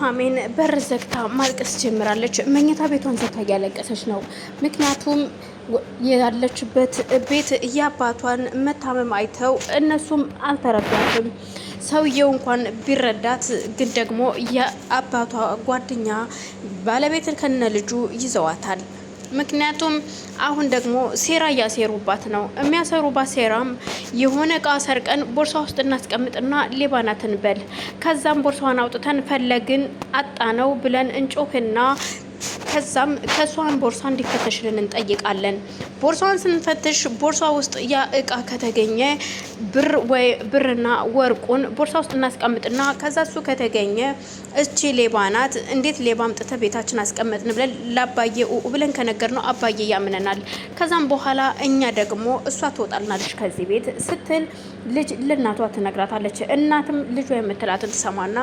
ኑሐሚን በር ዘግታ ማልቀስ ጀምራለች። መኝታ ቤቷን ዘግታ እያለቀሰች ነው። ምክንያቱም ያለችበት ቤት የአባቷን መታመም አይተው እነሱም አልተረዷትም። ሰውየው እንኳን ቢረዳት ግን ደግሞ የአባቷ ጓደኛ ባለቤትን ከነ ልጁ ይዘዋታል። ምክንያቱም አሁን ደግሞ ሴራ እያሴሩባት ነው። የሚያሰሩባት ሴራም የሆነ እቃ ሰርቀን ቦርሳ ውስጥ እናስቀምጥና ሌባናት ከዛም ቦርሳዋን አውጥተን ፈለግን አጣነው ብለን እንጮህና ከዛም ከእሷን ቦርሳ እንዲፈተሽልን እንጠይቃለን። ቦርሳዋን ስንፈትሽ ቦርሷ ውስጥ ያ እቃ ከተገኘ ብር ወይ ብርና ወርቁን ቦርሳ ውስጥ እናስቀምጥና ከዛ እሱ ከተገኘ እቺ ሌባ ናት፣ እንዴት ሌባ አምጥተ ቤታችን አስቀመጥን ብለን ላባዬ ብለን ከነገር ነው አባዬ ያምነናል። ከዛም በኋላ እኛ ደግሞ እሷ ትወጣልናለች ከዚህ ቤት ስትል ልጅ ለእናቷ ትነግራታለች። እናትም ልጇ የምትላትን ትሰማና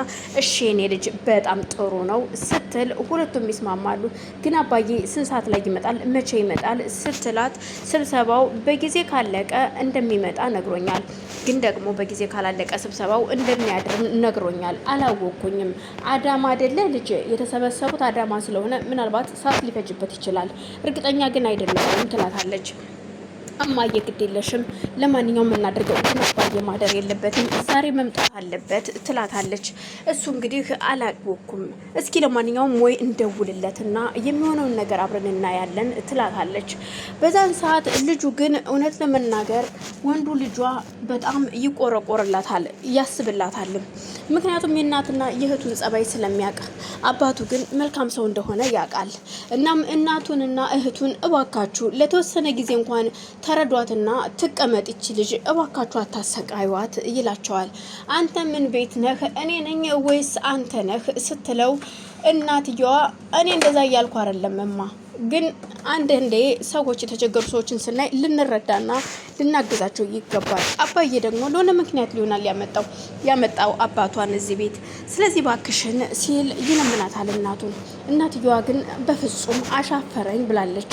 እሺ የኔ ልጅ በጣም ጥሩ ነው ስትል ሁለቱም ይስማማሉ። ግን አባዬ ስንት ሰዓት ላይ ይመጣል? መቼ ይመጣል? ስትላት ስብሰባው በጊዜ ካለቀ እንደሚመጣ ነግሮኛል፣ ግን ደግሞ በጊዜ ካላለቀ ስብሰባው እንደሚያድርም ነግሮኛል። አላወቅኩኝም። አዳማ አይደለ ልጅ የተሰበሰቡት አዳማ ስለሆነ ምናልባት ሰዓት ሊፈጅበት ይችላል፣ እርግጠኛ ግን አይደለም ትላታለች። እማዬ ግድ የለሽም ለማንኛውም የምናደርገው እንትን ማደር የለበትም ዛሬ መምጣት አለበት ትላታለች። እሱ እንግዲህ አላወኩም። እስኪ ለማንኛውም ወይ እንደውልለትና የሚሆነውን ነገር አብረን እናያለን ትላታለች። በዛን ሰዓት ልጁ ግን እውነት ለመናገር ወንዱ ልጇ በጣም ይቆረቆርላታል፣ ያስብላታልም። ምክንያቱም የእናትና የእህቱን ጸባይ ስለሚያውቅ፣ አባቱ ግን መልካም ሰው እንደሆነ ያውቃል። እናም እናቱንና እህቱን እባካችሁ ለተወሰነ ጊዜ እንኳን ተረዷትና ትቀመጥ ይቺ ልጅ እባካችሁ አታሰቃይዋት ይላቸዋል። አንተ ምን ቤት ነህ? እኔ ነኝ ወይስ አንተ ነህ? ስትለው እናትየዋ እኔ እንደዛ እያልኩ አይደለም ግን አንዳንዴ ሰዎች የተቸገሩ ሰዎችን ስናይ ልንረዳና ልናግዛቸው ይገባል። አባዬ ደግሞ ለሆነ ምክንያት ሊሆናል ያመጣው ያመጣው አባቷን እዚህ ቤት ስለዚህ ባክሽን ሲል ይለምናታል እናቱን። እናትየዋ ግን በፍጹም አሻፈረኝ ብላለች።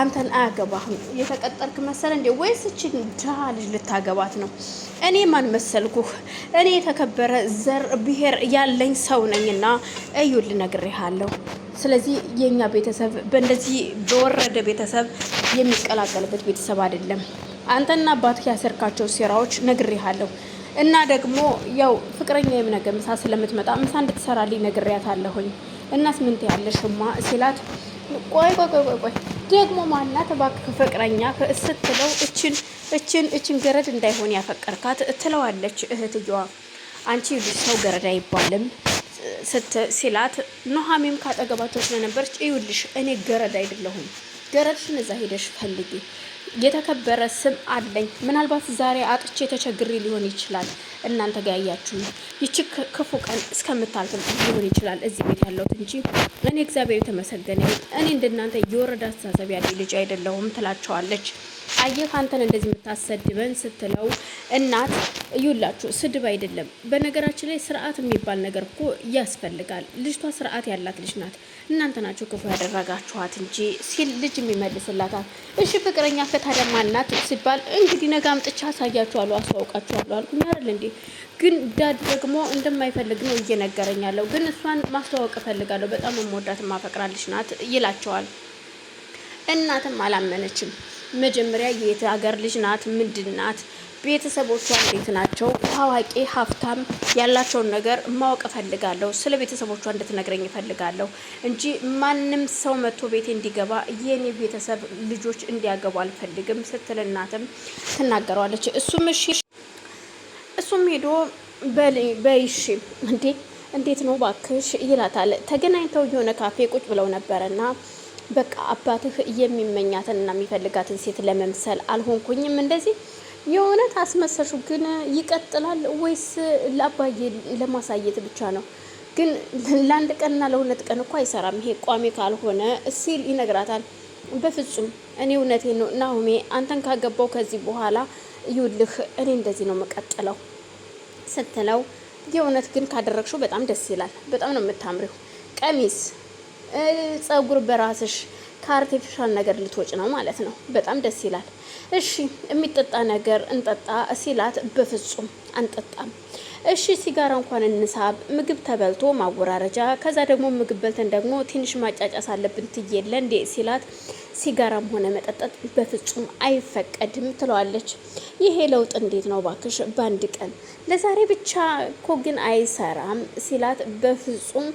አንተን አያገባህም። የተቀጠርክ መሰለ እንዴ? ወይስ እችን ድሃ ልጅ ልታገባት ነው? እኔ ማን መሰልኩህ? እኔ የተከበረ ዘር ብሔር ያለኝ ሰው ነኝና እዩል ልነግርሃለሁ። ስለዚህ የእኛ ቤተሰብ በእንደዚህ በወረደ ቤተሰብ የሚቀላቀልበት ቤተሰብ አይደለም። አንተና አባትህ ያሰርካቸው ሴራዎች ነግሬሃለሁ። እና ደግሞ ያው ፍቅረኛ የምነገ ምሳ ስለምትመጣ ምሳ እንድትሰራልኝ ነግሬያታለሁኝ። እናስ ምን ያለሽማ ሲላት ቆይ ቆይ ቆይ ቆይ ደግሞ ማናት እባክህ ፍቅረኛ ስትለው እችን እችን እችን ገረድ እንዳይሆን ያፈቀርካት ትለዋለች እህትየዋ። አንቺ ልጅ ሰው ገረድ አይባልም ስት ሲላት ኑሐሚንም ካጠገባቸው ስለነበረች እዩልሽ፣ እኔ ገረድ አይደለሁም፣ ገረድሽን እዛ ሄደሽ ፈልጊ የተከበረ ስም አለኝ። ምናልባት ዛሬ አጥቼ ተቸግሬ ሊሆን ይችላል። እናንተ ጋር ያያችሁ ይቺ ክፉ ቀን እስከምታልፍ ሊሆን ይችላል እዚህ ቤት ያለሁት እንጂ እኔ እግዚአብሔር የተመሰገነ እኔ እንደናንተ የወረደ አስተሳሰብ ያለ ልጅ አይደለሁም ትላቸዋለች። አየህ አንተን እንደዚህ የምታሰድበን ስትለው እናት እዩላችሁ፣ ስድብ አይደለም። በነገራችን ላይ ስርዓት የሚባል ነገር እኮ ያስፈልጋል። ልጅቷ ስርዓት ያላት ልጅ ናት። እናንተ ናቸው ክፉ ያደረጋችኋት እንጂ ሲል ልጅ የሚመልስላታል። እሺ ፍቅረኛ ታዲያ ማናት ሲባል እንግዲህ ነገ አምጥቼ አሳያችኋለሁ አስተዋውቃችኋለሁ አልኩኝ አይደል እንዴ። ግን ዳድ ደግሞ እንደማይፈልግ ነው እየነገረኝ ያለው። ግን እሷን ማስተዋወቅ እፈልጋለሁ በጣም መወዳት ማፈቅራለች ናት ይላቸዋል። እናትም አላመነችም። መጀመሪያ የት ሀገር ልጅ ናት ምንድን ናት ቤተሰቦቿ እንዴት ናቸው? ታዋቂ ሀብታም ያላቸውን ነገር ማወቅ እፈልጋለሁ። ስለ ቤተሰቦቿ እንድትነግረኝ እፈልጋለሁ እንጂ ማንም ሰው መጥቶ ቤቴ እንዲገባ የኔ ቤተሰብ ልጆች እንዲያገቡ አልፈልግም ስትል እናትም ትናገረዋለች። እሱም እሺ እሱም ሄዶ በይሺ እንዴ እንዴት ነው ባክሽ ይላታል። ተገናኝተው የሆነ ካፌ ቁጭ ብለው ነበረና በቃ አባትህ የሚመኛትን የሚፈልጋትን ሴት ለመምሰል አልሆንኩኝም እንደዚህ የእውነት አስመሰሹ ግን ይቀጥላል ወይስ ለአባዬ ለማሳየት ብቻ ነው? ግን ለአንድ ቀንና ለሁለት ቀን እኮ አይሰራም ይሄ ቋሚ ካልሆነ ሲል ይነግራታል። በፍጹም እኔ እውነቴ ነው ናሁሜ፣ አንተን ካገባው ከዚህ በኋላ ይውልህ እኔ እንደዚህ ነው መቀጥለው ስትለው፣ የእውነት ግን ካደረግሽው በጣም ደስ ይላል። በጣም ነው የምታምሪው። ቀሚስ፣ ጸጉር በራስሽ ከአርቲፊሻል ነገር ልትወጭ ነው ማለት ነው። በጣም ደስ ይላል። እሺ የሚጠጣ ነገር እንጠጣ ሲላት በፍጹም አንጠጣም። እሺ ሲጋራ እንኳን እንሳብ፣ ምግብ ተበልቶ ማወራረጃ፣ ከዛ ደግሞ ምግብ በልተን ደግሞ ትንሽ ማጫጫስ አለብን ትየለ እንዴ ሲላት ሲጋራም ሆነ መጠጠጥ በፍጹም አይፈቀድም ትለዋለች። ይሄ ለውጥ እንዴት ነው ባክሽ በአንድ ቀን ለዛሬ ብቻ እኮ ግን አይሰራም ሲላት በፍጹም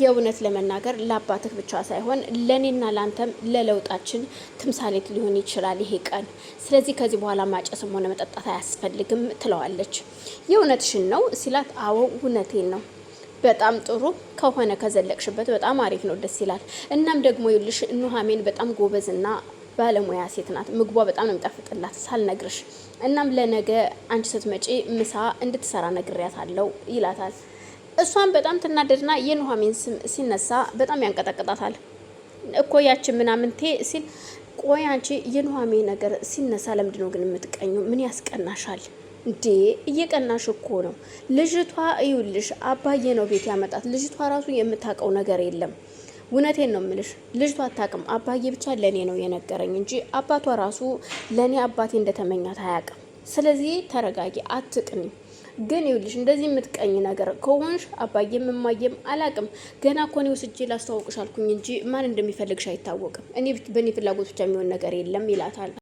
የእውነት ለመናገር ለአባትህ ብቻ ሳይሆን ለእኔና ለአንተም ለለውጣችን ትምሳሌት ሊሆን ይችላል ይሄ ቀን። ስለዚህ ከዚህ በኋላ ማጨስም ሆነ መጠጣት አያስፈልግም ትለዋለች። የእውነትሽን ነው ሲላት፣ አዎ እውነቴን ነው። በጣም ጥሩ ከሆነ ከዘለቅሽበት በጣም አሪፍ ነው፣ ደስ ይላል። እናም ደግሞ ይልሽ ኑሐሚን በጣም ጎበዝና ባለሙያ ሴት ናት። ምግቧ በጣም ነው የሚጣፍጥላት ሳልነግርሽ። እናም ለነገ አንቺ ስትመጪ ምሳ እንድትሰራ አለው ይላታል። እሷን በጣም ትናደድና የኑሐሚን ስም ሲነሳ በጣም ያንቀጠቅጣታል። እኮ ያችን ምናምንቴ ሲል ቆይ አንቺ የኑሐሚን ነገር ሲነሳ ለምንድነው ግን የምትቀኙ? ምን ያስቀናሻል? እንዴ እየቀናሽ እኮ ነው። ልጅቷ እዩልሽ፣ አባዬ ነው ቤት ያመጣት። ልጅቷ ራሱ የምታውቀው ነገር የለም። እውነቴን ነው ምልሽ፣ ልጅቷ አታውቅም። አባዬ ብቻ ለእኔ ነው የነገረኝ እንጂ አባቷ ራሱ ለእኔ አባቴ እንደተመኛት አያውቅም። ስለዚህ ተረጋጊ፣ አትቅኝ። ግን ይኸውልሽ እንደዚህ የምትቀኝ ነገር ከሆንሽ አባዬም እማዬም አላቅም። ገና እኮ እኔ ወስጄ ላስተዋውቅሽ አልኩኝ እንጂ ማን እንደሚፈልግሽ አይታወቅም። እኔ በእኔ ፍላጎት ብቻ የሚሆን ነገር የለም ይላታል።